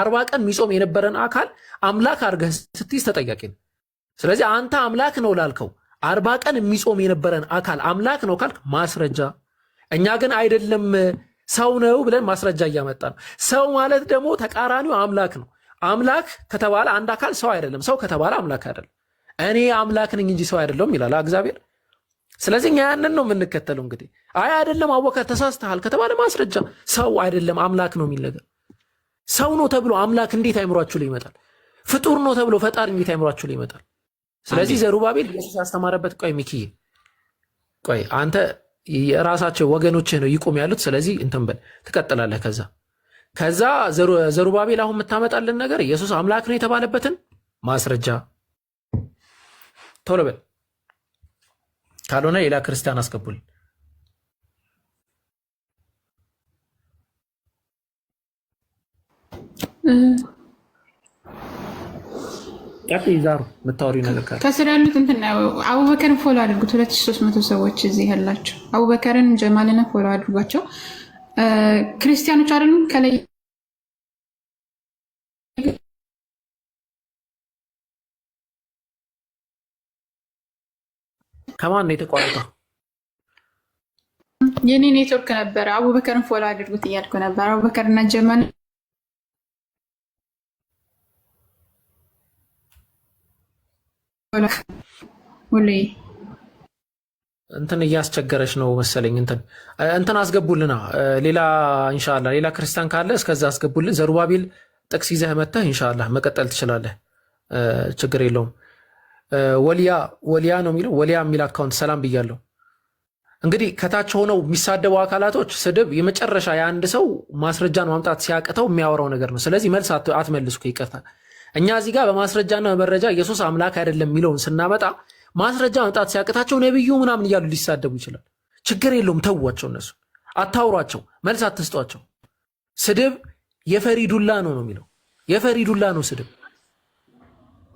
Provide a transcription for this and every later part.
አርባ ቀን የሚጾም የነበረን አካል አምላክ አድርገህ ስትይዝ ተጠያቂ ነው። ስለዚህ አንተ አምላክ ነው ላልከው አርባ ቀን የሚጾም የነበረን አካል አምላክ ነው ካልክ ማስረጃ፣ እኛ ግን አይደለም ሰው ነው ብለን ማስረጃ እያመጣ ነው። ሰው ማለት ደግሞ ተቃራኒው አምላክ ነው። አምላክ ከተባለ አንድ አካል ሰው አይደለም፣ ሰው ከተባለ አምላክ አይደለም። እኔ አምላክ ነኝ እንጂ ሰው አይደለሁም ይላል እግዚአብሔር። ስለዚህ እኛ ያንን ነው የምንከተለው። እንግዲህ አይ አይደለም አወካ ተሳስተሃል ከተባለ ማስረጃ፣ ሰው አይደለም አምላክ ነው የሚል ነገር ሰው ነው ተብሎ አምላክ እንዴት አይምሯችሁ ላይ ይመጣል? ፍጡር ነው ተብሎ ፈጣሪ እንዴት አይምሯችሁ ላይ ይመጣል? ስለዚህ ዘሩባቤል ኢየሱስ ያስተማረበት ቆይ ሚኪዬ ቆይ አንተ የራሳቸው ወገኖችህ ነው ይቁም ያሉት። ስለዚህ እንትን በል ትቀጥላለህ። ከዛ ከዛ ዘሩባቤል አሁን የምታመጣልን ነገር ኢየሱስ አምላክ ነው የተባለበትን ማስረጃ ቶሎ በል ካልሆነ ሌላ ክርስቲያን አስገቡልን። ቀጥ ይዛሩ የምታወሪው ነገር ካለ ከስር ያሉት እንትና አቡበከርን ፎሎ አድርጉት። ሁለት ሺህ ሦስት መቶ ሰዎች እዚህ ያላቸው አቡበከርን ጀማልን ፎሎ አድርጓቸው። ክርስቲያኖች አይደሉም ከላይ ከማን ነው የተቋረጠው? የኔ ኔትወርክ ነበረ። አቡበከርን ፎሎ አድርጉት እያልኩ ነበር። አቡበከርና ጀማል እንትን እያስቸገረች ነው መሰለኝ። እንትን እንትን አስገቡልና ሌላ እንሻላ ሌላ ክርስቲያን ካለ እስከዛ አስገቡልን። ዘሩባቢል ጥቅስ ይዘህ መተህ እንሻላ መቀጠል ትችላለህ። ችግር የለውም። ወሊያ ወሊያ ነው የሚለው ወሊያ የሚል አካውንት ሰላም ብያለሁ። እንግዲህ ከታች ሆነው የሚሳደቡ አካላቶች ስድብ የመጨረሻ የአንድ ሰው ማስረጃን ማምጣት ሲያቅተው የሚያወራው ነገር ነው። ስለዚህ መልስ አትመልሱ ይቀርታል። እኛ እዚህ ጋር በማስረጃና በመረጃ ኢየሱስ አምላክ አይደለም የሚለውን ስናመጣ ማስረጃ መምጣት ሲያቅታቸው ነብዩ ምናምን እያሉ ሊሳደቡ ይችላል። ችግር የለውም፣ ተዋቸው። እነሱ አታውሯቸው፣ መልስ አትስጧቸው። ስድብ የፈሪ ዱላ ነው ነው የሚለው የፈሪ ዱላ ነው ስድብ።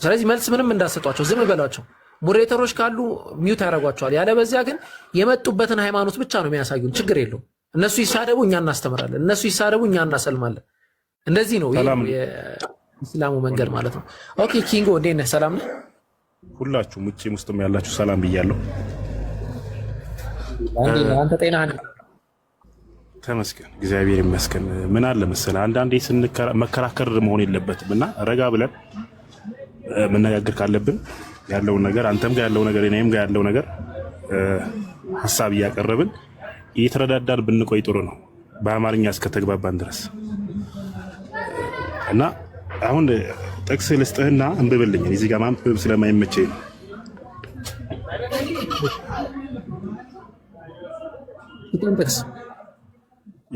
ስለዚህ መልስ ምንም እንዳሰጧቸው ዝም በሏቸው። ሙሬተሮች ካሉ ሚውት ያደርጓቸዋል። ያለበዚያ ግን የመጡበትን ሃይማኖት ብቻ ነው የሚያሳዩን። ችግር የለውም። እነሱ ይሳደቡ፣ እኛ እናስተምራለን። እነሱ ይሳደቡ፣ እኛ እናሰልማለን። እንደዚህ ነው። እስላሙ መንገድ ማለት ነው። ኦኬ ኪንጎ እንዴት ነህ? ሰላም ነህ? ሁላችሁም ውጭም ውስጥም ያላችሁ ሰላም ብያለሁ። አንተ ጤና ተመስገን፣ እግዚአብሔር ይመስገን። ምን አለ መሰለህ አንዳንዴ መከራከር መሆን የለበትም እና ረጋ ብለን መነጋገር ካለብን ያለውን ነገር አንተም ጋር ያለው ነገር እኔም ጋር ያለው ነገር ሀሳብ እያቀረብን እየተረዳዳን ብንቆይ ጥሩ ነው፣ በአማርኛ እስከተግባባን ድረስ እና አሁን ጥቅስ ልስጥህና እንብብልኝ። እዚህ ጋር ማንበብ ስለማይመቸኝ ነው።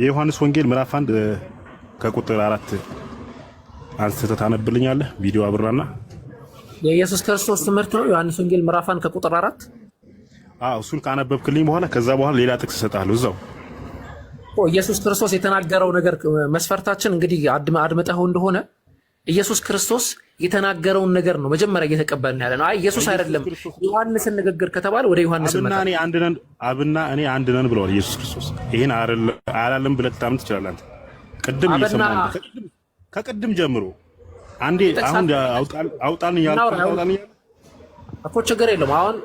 የዮሐንስ ወንጌል ምዕራፍ አንድ ከቁጥር አራት አንስተህ ታነብልኛለህ። ቪዲዮ አብራና የኢየሱስ ክርስቶስ ትምህርት ነው። ዮሐንስ ወንጌል ምዕራፍ አንድ ከቁጥር አራት እሱን ካነበብክልኝ በኋላ ከዛ በኋላ ሌላ ጥቅስ እሰጥሃለሁ እዛው ኢየሱስ ክርስቶስ የተናገረው ነገር መስፈርታችን እንግዲህ አድመጠኸው እንደሆነ ኢየሱስ ክርስቶስ የተናገረውን ነገር ነው መጀመሪያ እየተቀበልን ያለ ነው። አይ ኢየሱስ አይደለም ዮሐንስን ንግግር ከተባለ ወደ ዮሐንስ አብና እኔ አንድ ነን ብለዋል። ኢየሱስ ክርስቶስ ይህን አላለም ብለህ ልታምን ትችላለህ። አንተ ቅድም እየሰማህ ከቅድም ጀምሮ አንዴ አሁን አውጣን እያልን እኮ ችግር የለም። አሁን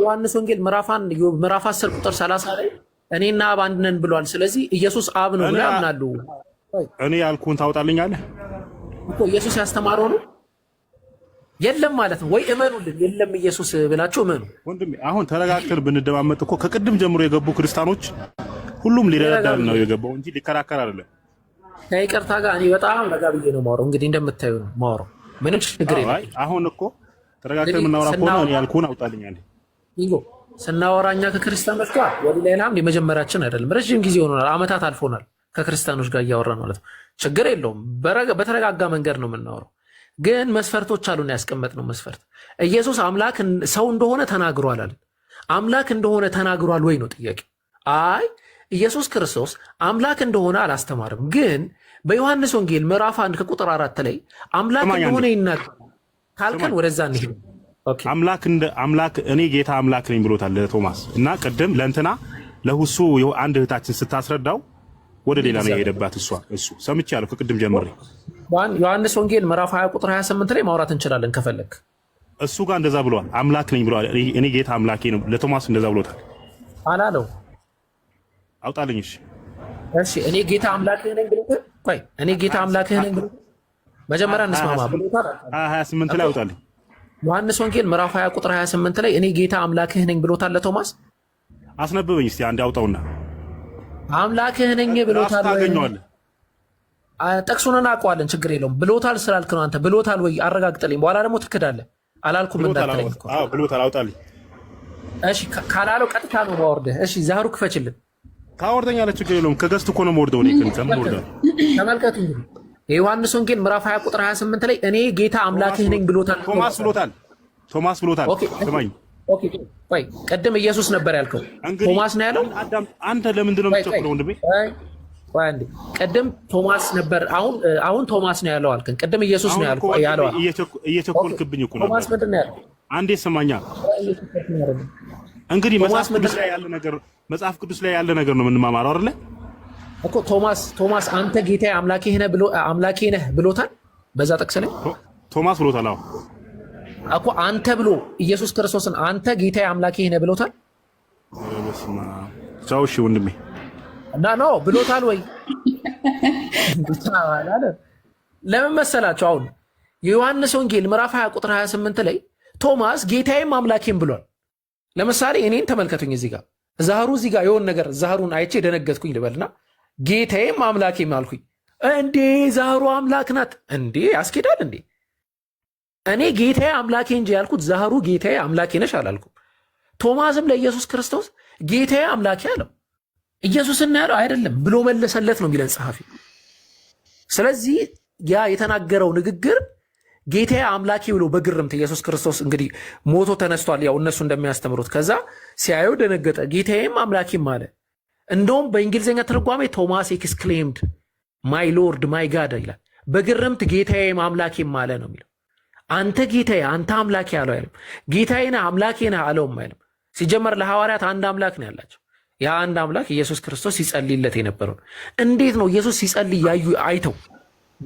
ዮሐንስ ወንጌል ምዕራፍ አንድ ምዕራፍ አስር ቁጥር ሰላሳ ላይ እኔና አብ አንድ ነን ብለዋል። ስለዚህ ኢየሱስ አብ ነው ያምናሉ። አምናለሁ። እኔ ያልኩህን ታውጣልኛለህ ኢየሱስ ያስተማረው ነው የለም ማለት ነው ወይ? እመኑልን የለም ኢየሱስ ብላችሁ እመኑ። ወንድሜ አሁን ተረጋግተን ብንደማመጥ እኮ ከቅድም ጀምሮ የገቡ ክርስቲያኖች ሁሉም ሊረዳዳን ነው የገባው እንጂ ሊከራከር አይደለም። ከይቅርታ ጋር እኔ በጣም ረጋ ብዬ ነው ማውረው እንግዲህ እንደምታዩ ነው ማውረው ምንም ችግር የለም። አሁን እኮ ተረጋግተን የምናወራ ከሆነ እኔ ያልኩህን አውጣልኛል። ይጎ ስናወራ እኛ ከክርስቲያኖች ጋር ወደ ሌላም የመጀመሪያችን አይደለም። ረዥም ጊዜ ሆኖናል፣ አመታት አልፎናል። ከክርስቲያኖች ጋር እያወራን ማለት ነው። ችግር የለውም። በተረጋጋ መንገድ ነው የምናወራው። ግን መስፈርቶች አሉን። ያስቀመጥ ነው መስፈርት ኢየሱስ አምላክ ሰው እንደሆነ ተናግሯል አለ። አምላክ እንደሆነ ተናግሯል ወይ ነው ጥያቄ። አይ ኢየሱስ ክርስቶስ አምላክ እንደሆነ አላስተማርም። ግን በዮሐንስ ወንጌል ምዕራፍ አንድ ከቁጥር አራት ላይ አምላክ እንደሆነ ይናገራል ካልከን ወደዛ እንሄድ። አምላክ እንደ አምላክ እኔ ጌታ አምላክ ነኝ ብሎታል ለቶማስ እና ቅድም ለእንትና ለሁሱ አንድ እህታችን ስታስረዳው ወደ ሌላ ነው የሄደባት። እሷ እሱ ሰምቻለሁ ከቅድም ጀምሬ ዮሐንስ ወንጌል ምዕራፍ 20 ቁጥር 28 ላይ ማውራት እንችላለን ከፈለግ። እሱ ጋር እንደዛ ብለዋል አምላክ ነኝ ብሏል። እኔ ጌታ አምላኬ ነው። ለቶማስ እንደዛ ብሎታል አላለው? አውጣልኝ። እሺ እሺ፣ እኔ ጌታ አምላክህ ነኝ ብሎታል። ቆይ እኔ ጌታ አምላክህ ነኝ ብሎታል። መጀመሪያ እንስማማ ብሎታል። 28 ላይ አውጣልኝ። ዮሐንስ ወንጌል ምዕራፍ 20 ቁጥር 28 ላይ እኔ ጌታ አምላክህ ነኝ ብሎታል ለቶማስ። አስነብበኝ እስቲ አንድ አውጣውና አምላክህ ነኝ ብሎታል። ጠቅሱን እናውቀዋለን፣ ችግር የለውም ብሎታል ስላልክ ነው አንተ ብሎታል ወይ አረጋግጥልኝ። በኋላ ደግሞ ትክዳለህ። አላልኩም እንዳትለኝ። ብሎታል አውጣልኝ። እሺ ካላለው ቀጥታ ነው ማወርድህ። እሺ ዛህሩ ክፈችልን። ታወርደኛለህ፣ ችግር የለውም። ከገዝት እኮ ነው የምወርደው። ተመልከቱ እንግዲህ የዮሐንስ ወንጌል ምዕራፍ 20 ቁጥር 28 ላይ እኔ ጌታ አምላክህ ነኝ ብሎታል። ቶማስ ብሎታል። ቶማስ ብሎታል። ቆይ ቅድም ኢየሱስ ነበር ያልከው፣ ቶማስ ነው ያለው። አንተ ለምንድን ነው የምትቸኩለው ወንድሜ? ቅድም ቶማስ ነበር፣ አሁን አሁን ቶማስ ነው ያለው አልከን። ቅድም ኢየሱስ ነው ያልከው ያለው። እየቸኮልክብኝ እኮ ነው። ቶማስ ምንድን ነው ያለው? አንዴ ስማኛ። እንግዲህ መጽሐፍ ቅዱስ ላይ ያለ ነገር መጽሐፍ ቅዱስ ላይ ያለ ነገር ነው የምንማማረው አይደለ እኮ። ቶማስ ቶማስ አንተ ጌታዬ አምላኬ ነህ ብሎታል። በዛ ጠቅስ ላይ ቶማስ ብሎታል። አሁን እኮ አንተ ብሎ ኢየሱስ ክርስቶስን አንተ ጌታ አምላኬ ነህ ብሎታል። ሰው እሺ ወንድሜ እና ነው ብሎታል ወይ ለምን መሰላቸው? አሁን የዮሐንስ ወንጌል ምዕራፍ 20 ቁጥር 28 ላይ ቶማስ ጌታዬም አምላኬም ብሏል። ለምሳሌ እኔን ተመልከቱኝ። እዚህ ጋር ዛህሩ እዚህ ጋር የሆን ነገር ዛህሩን አይቼ ደነገጥኩኝ ልበልና ጌታዬም አምላኬም አልኩኝ። እንዴ ዛህሩ አምላክ ናት እንዴ? ያስኬዳል እንዴ? እኔ ጌታዬ አምላኬ እንጂ ያልኩት ዛህሩ ጌታዬ አምላኬ ነሽ አላልኩም። ቶማስም ለኢየሱስ ክርስቶስ ጌታዬ አምላኬ አለው። ኢየሱስ ያለው አይደለም ብሎ መለሰለት ነው የሚለን ጸሐፊ። ስለዚህ ያ የተናገረው ንግግር ጌታዬ አምላኬ ብሎ በግርምት ኢየሱስ ክርስቶስ እንግዲህ ሞቶ ተነስቷል፣ ያው እነሱ እንደሚያስተምሩት። ከዛ ሲያየው ደነገጠ፣ ጌታዬም አምላኬም አለ። እንደውም በእንግሊዝኛ ትርጓሜ ቶማስ ኤክስክሌምድ ማይ ሎርድ ማይ ጋድ ይላል። በግርምት ጌታዬም አምላኬም አለ ነው የሚለው አንተ ጌታዬ፣ አንተ አምላኬ አለው አይልም። ጌታዬ ነህ አምላኬ ነህ አለውም አይልም። ሲጀመር ለሐዋርያት አንድ አምላክ ነው ያላቸው። ያ አንድ አምላክ ኢየሱስ ክርስቶስ ሲጸልይለት የነበረው እንዴት ነው ኢየሱስ ሲጸልይ ያዩ አይተው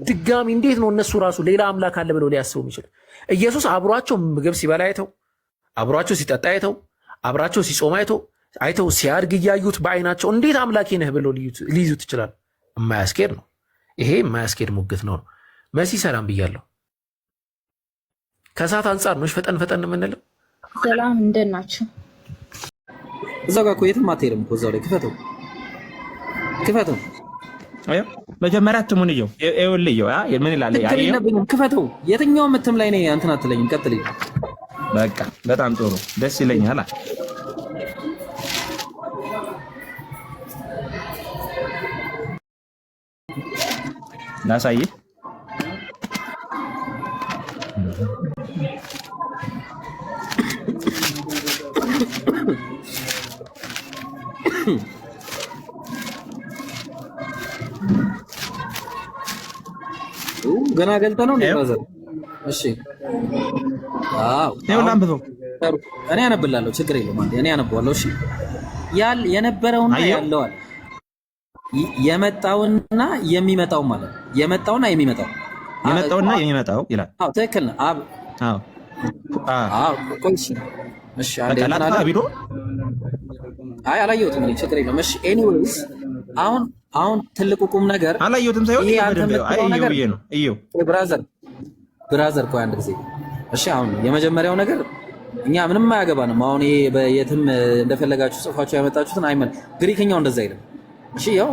ድጋሚ እንዴት ነው እነሱ ራሱ ሌላ አምላክ አለ ብለው ሊያስቡ የሚችል? ኢየሱስ አብሯቸው ምግብ ሲበላ አይተው፣ አብሯቸው ሲጠጣ አይተው፣ አብራቸው ሲጾም አይተው አይተው ሲያድግ እያዩት በአይናቸው እንዴት አምላኬ ነህ ብለው ሊይዙት ይችላል? የማያስኬድ ነው ይሄ፣ የማያስኬድ ሙግት ነው። መሲ ሰላም ብያለሁ። ከሰዓት አንጻር ነው ፈጠን ፈጠን የምንለው። ሰላም እንደት ናቸው? እዛ ጋር እኮ የትም አትሄድም እኮ እዛው ላይ ክፈተው፣ ክፈተው መጀመሪያ ትሙን እየው ይኸውልህ፣ እየው ምን ይላል? ክፈተው። የትኛውም ምትም ላይ እንትን አትለኝም። ቀጥል። በቃ በጣም ጥሩ ደስ ይለኛል። ላሳይህ ገና ገልጠ ነው እንዴ? እሺ፣ አዎ ይሁን፣ አንብበው። እኔ አነብላለሁ፣ ችግር የለም። አንዴ እኔ አነብዋለሁ። እሺ፣ ያል የነበረውና ያለው አለ የመጣውና የሚመጣው ማለት ነው። የመጣውና የሚመጣው የመጣውና የሚመጣው ይላል። አዎ ትክክል ነው። አብ አዎ አዎ ቆይ እሺ፣ አንዴ አይ አላየሁትም፣ ችግር የለም። እሺ ኤኒዌይስ አሁን አሁን ትልቁ ቁም ነገር አላየሁትም ሳይሆን ነው። ብራዘር ብራዘር፣ ቆይ አንድ ጊዜ እሺ። አሁን የመጀመሪያው ነገር እኛ ምንም አያገባንም። አሁን ይሄ በየትም እንደፈለጋችሁ ጽፋችሁ ያመጣችሁትን አይመን ግሪክኛው እንደዛ አይደለም። እሺ፣ ያው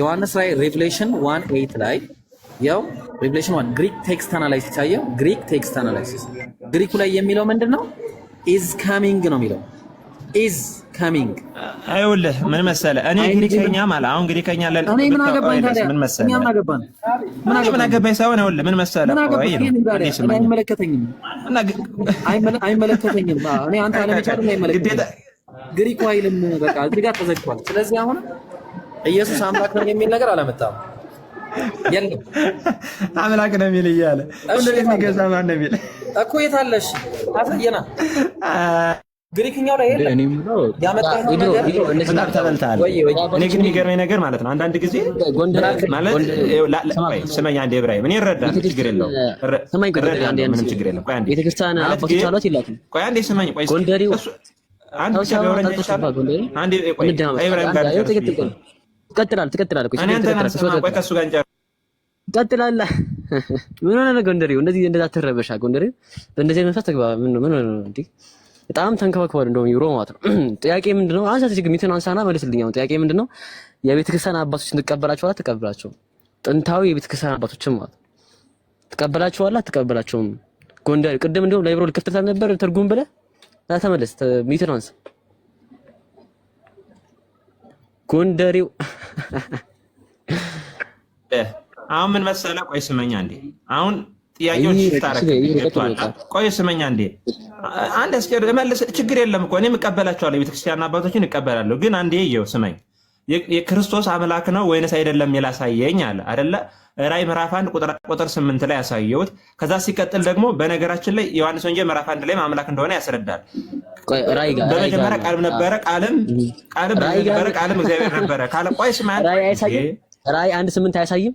ዮሐንስ ላይ ሬቭሌሽን 1:8 ላይ ያው ሬቭሌሽን 1 ግሪክ ቴክስት አናላይሲስ ታየው ግሪክ ቴክስት አናላይሲስ ግሪኩ ላይ የሚለው ምንድነው? ኢዝ ካሚንግ ነው የሚለው ኢዝ ካሚንግ አይውልህ ምን መሰለህ፣ እኔ ግሪከኛ ማለት አሁን ግሪከኛ ለ ምን መሰለህ ምን አገባኝ ሳይሆን አይውልህ ምን መሰለህ፣ ግሪኩ አይልም በቃ እዚህ ጋር ተዘግቷል። ስለዚህ አሁን ኢየሱስ አምላክ ነው የሚል ነገር አላመጣም። የለም አምላክ ነው የሚል እያለ ሁሉ ቤት ማን ነው የሚል እኮ የታለሽ አሳየና ግሪክኛው ላይ እኔ ግን የሚገርመኝ ነገር ማለት ነው አንዳንድ ጊዜ ስመኝ አንዴ ብራሂም እኔ እረዳለሁ፣ ችግር የለውም ችግር የለም። ቤተክርስቲያን ምን ሆነህ ነው ጎንደሬው? እንደዚህ እንደዛ ትረበሻ ጎንደሬው በእንደዚህ መንፈስ ምን ነው በጣም ተንከባክባል እንደውም ዩሮ ማለት ነው። ጥያቄ ምንድነው? አንሳት እዚህ ሚትን አንሳና መልስልኝ። አሁን ጥያቄ ምንድነው? የቤተ ክርስቲያን አባቶች ትቀበላቸው አላ ተቀበላቸው? ጥንታዊ የቤተ ክርስቲያን አባቶችም ማለት ተቀበላቸው አላ ተቀበላቸውም? ጎንደር ቅድም እንደውም ላይብሮ ልከፍተታ ነበር ትርጉም ብለህ ተመለስ። ሚትን አንሳ ጎንደሬው አሁን ምን መሰለህ? ቆይ ስመኛ እንዴ አሁን ጥያቄዎች ታረግብኝ። ቆይ አንድ ችግር የለም እኮ እኔም እቀበላቸዋለሁ። የቤተክርስቲያን አባቶችን እቀበላለሁ። ግን አንዴ ስመኝ የክርስቶስ አምላክ ነው ወይንስ አይደለም የላሳየኝ አለ አደለ ራይ ምዕራፍ አንድ ቁጥር ስምንት ላይ ያሳየውት። ከዛ ሲቀጥል ደግሞ በነገራችን ላይ ዮሐንስ ወንጌል ምዕራፍ አንድ ላይ አምላክ እንደሆነ ያስረዳል። በመጀመሪያ ቃልም ነበረ ቃልም ቃልም እግዚአብሔር ነበረ ካለ ቆይ ስማ ራይ አንድ ስምንት አያሳይም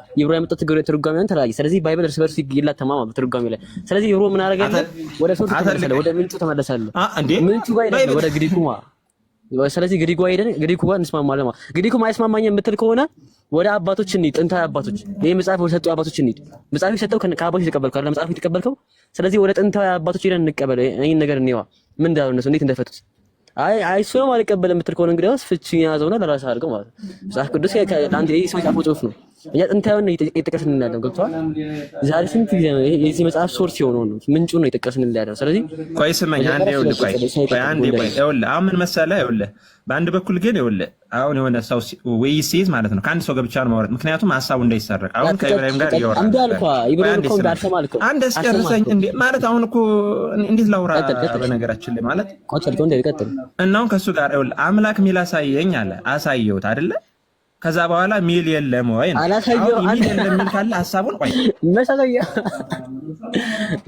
የብሮ ያመጣው ትርጓሜውን ተለያየ። ስለዚህ ባይብል እርስ በርሱ ተማማ በትርጓሜ ላይ። ስለዚህ የብሮ ምን አደረገ? ወደ ሶርስ ተመለሰለ፣ ወደ ምንጩ ተመለሰለ። ምንጩ ጋር ባይብል ወደ ግሪኩ ማ ስለዚህ ግሪኩ ሄደን ግሪኩ ጋር እንስማማለን። ማለት ግሪኩ ማይስማማኝ የምትል ከሆነ ወደ አባቶች እንሂድ፣ ጥንታዊ አባቶች፣ ይሄ መጽሐፍ ወሰጡ ሰጡ አባቶች እንሂድ። መጽሐፍ የሰጠው ከአባቶች የተቀበልከው አይደል? መጽሐፍ የተቀበልከው። ስለዚህ ወደ ጥንታዊ አባቶች ሄደን እንቀበል። ይሄን ነገር እንየዋ፣ ምን እንዳሉ እነሱ እንዴት እንደፈቱት። አይ አይ እሱንም አልቀበልም የምትል ከሆነ እንግዲህ ያው ፍቺ ያዘውና ለራስህ አድርገው ማለት ነው። መጽሐፍ ቅዱስ ከአንተ ይሄ ሰው የጻፈው ጽሑፍ ነው። ጥንታዊውን ነው የጠቀስን ያለው ዛሬ ስንት ጊዜ ነው የዚህ መጽሐፍ ሶርስ የሆነው ነው ምንጩ ነው ያለው። ስለዚህ ቆይ ስመኝ አንዴ ይኸውልህ፣ ቆይ ቆይ አንዴ ቆይ ይኸውልህ፣ አሁን ምን መሰለህ ይኸውልህ፣ በአንድ በኩል ግን ይኸውልህ፣ አሁን የሆነ ሰው ውይይት ሲይዝ ማለት ነው ከአንድ ሰው ገብቻ ነው ማውራት፣ ምክንያቱም ሀሳቡ እንዳይሰረቅ። አሁን ከኢብራሂም ጋር አንድ አስጨርሰኝ ማለት አሁን እኮ እንዴት ላውራ? በነገራችን ላይ ማለት እና አሁን ከእሱ ጋር ይኸውልህ፣ አምላክ የሚል አሳየኝ አለ፣ አሳየሁት አይደለ ከዛ በኋላ ሚል የለም ወይ ነው ሚል የለም ሚል ካለ ቆይ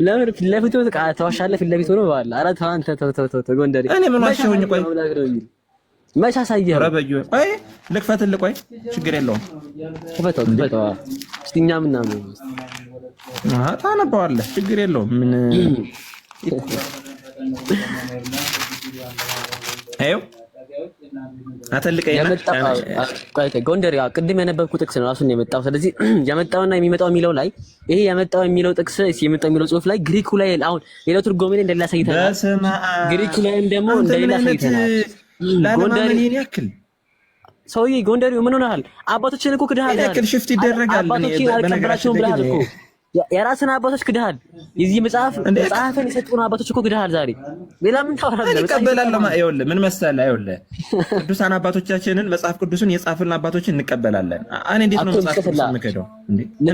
ለምን ፊት ፊት ነው አንተ ተው ተው ተው ጎንደሬ እኔ ምን ዋሻውኝ? ቆይ መሳሳየ ረበዩ ቆይ ልክፈትልህ። ቆይ ችግር የለውም ክፈተው፣ ክፈተው እስኪ እኛ ምናምን ችግር የለውም ምን አተልቀኝ ጎንደር ቅድም የነበብኩ ጥቅስ ነው ራሱን የመጣው። ስለዚህ የመጣውና የሚመጣው የሚለው ላይ ይሄ የመጣው የሚለው ጥቅስ የመጣው የሚለው ጽሁፍ ላይ ግሪኩ ላይ አሁን ሌላው ትርጎሜ ላይ እንደሌላ አሳይተናል። ግሪኩ ላይም ደግሞ እንደሌላ አሳይተናል። ጎንደር ያክል ሰውዬ ጎንደሬው ምን ሆነሃል? አባቶችን እኮ ክድሃል። ያክል ሽፍት ይደረጋል። አባቶችን አልቀበላቸውም ብለሃል እኮ የራስን አባቶች ግድሃል። የዚህ መጽሐፍ መጽሐፍን የሰጡን አባቶች እኮ ግድሃል። ዛሬ ሌላ ምን ታወራለህ? እንቀበላለሁ። ይኸውልህ ምን መሰለህ፣ ይኸውልህ ቅዱሳን አባቶቻችንን መጽሐፍ ቅዱስን የጻፍልን አባቶችን እንቀበላለን። እኔ እንዴት ነው መጽሐፍ ቅዱስን የምከደው? ግን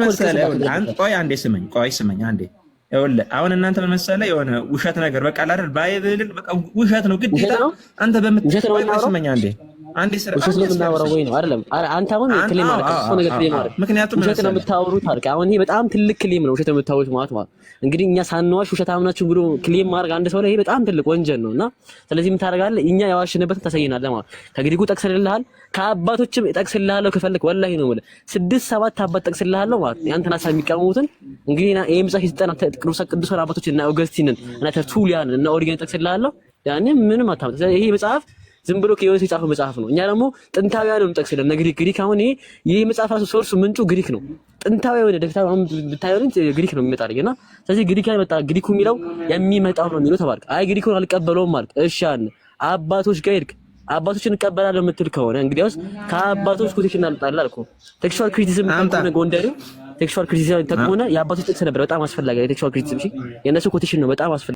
ምን መሰለህ፣ ቆይ አንዴ ስመኝ፣ ቆይ ስመኝ አንዴ። ይኸውልህ አሁን እናንተ ምን መሰለህ፣ የሆነ ውሸት ነገር በቃ አይደል፣ ባይብልን ውሸት ነው ግዴታ አንተ በምትስመኝ አንዴ ስለምናወራው ወይ በጣም ትልቅ ክሌም ነው ውሸት የምታወሩት ማለት እንግዲህ እኛ ሳንዋሽ ውሸት አምናችሁ ብሎ ክሌም ማድረግ አንድ ሰው ላይ ይሄ በጣም ትልቅ ወንጀል ነው እና ስለዚህ ምን ታደርጋለህ? እኛ የዋሽንበትን ታሳየናለህ ማለት ከግሪኩ ከአባቶችም ወላሂ ነው የምልህ ስድስት ሰባት አባት ጠቅስልሃለሁ ማለት ያንተን ሀሳብ የሚቃወሙትን እንግዲህ ቅዱሳን አባቶች እና ኦገስቲንን እና ተርቱሊያንን እና ያኔ ምንም አታመጣ ይሄ መጽሐፍ ዝም ብሎ የሆነ ሰው የጻፈው መጽሐፍ ነው። እኛ ደግሞ ጥንታዊያኑን ጠቅሰናል። ግሪክ ግሪክ አሁን ይሄ ይሄ መጽሐፍ ራሱ ሶርሱ ምንጩ ግሪክ ነው። ጥንታዊ የሆነ ደግታ አሁን ብታየው ግሪክ ነው የሚመጣልኝ እና ስለዚህ ግሪክ ያልመጣ ግሪኩ የሚለው የሚመጣው ነው የሚለው ተባልክ። አይ ግሪኩን አልቀበለውም ማለት እሻን አባቶች ጋር ሄድክ አባቶች እንቀበላለን የምትል ከሆነ እንግዲያውስ ከአባቶች ኮቴክሽን እናመጣለን አልኩ። ቴክስቹዋል ክሪቲሲዝም ከሆነ ጎንደሬው ቴክስቹዋል ክሪቲሲዝም ተቆነ የአባቶች ጥቅስ ነበር በጣም አስፈላጊ ቴክስቹዋል ክሪቲሲዝም እሺ፣ የእነሱ ኮቴሽን ነው በጣም አስፈላጊ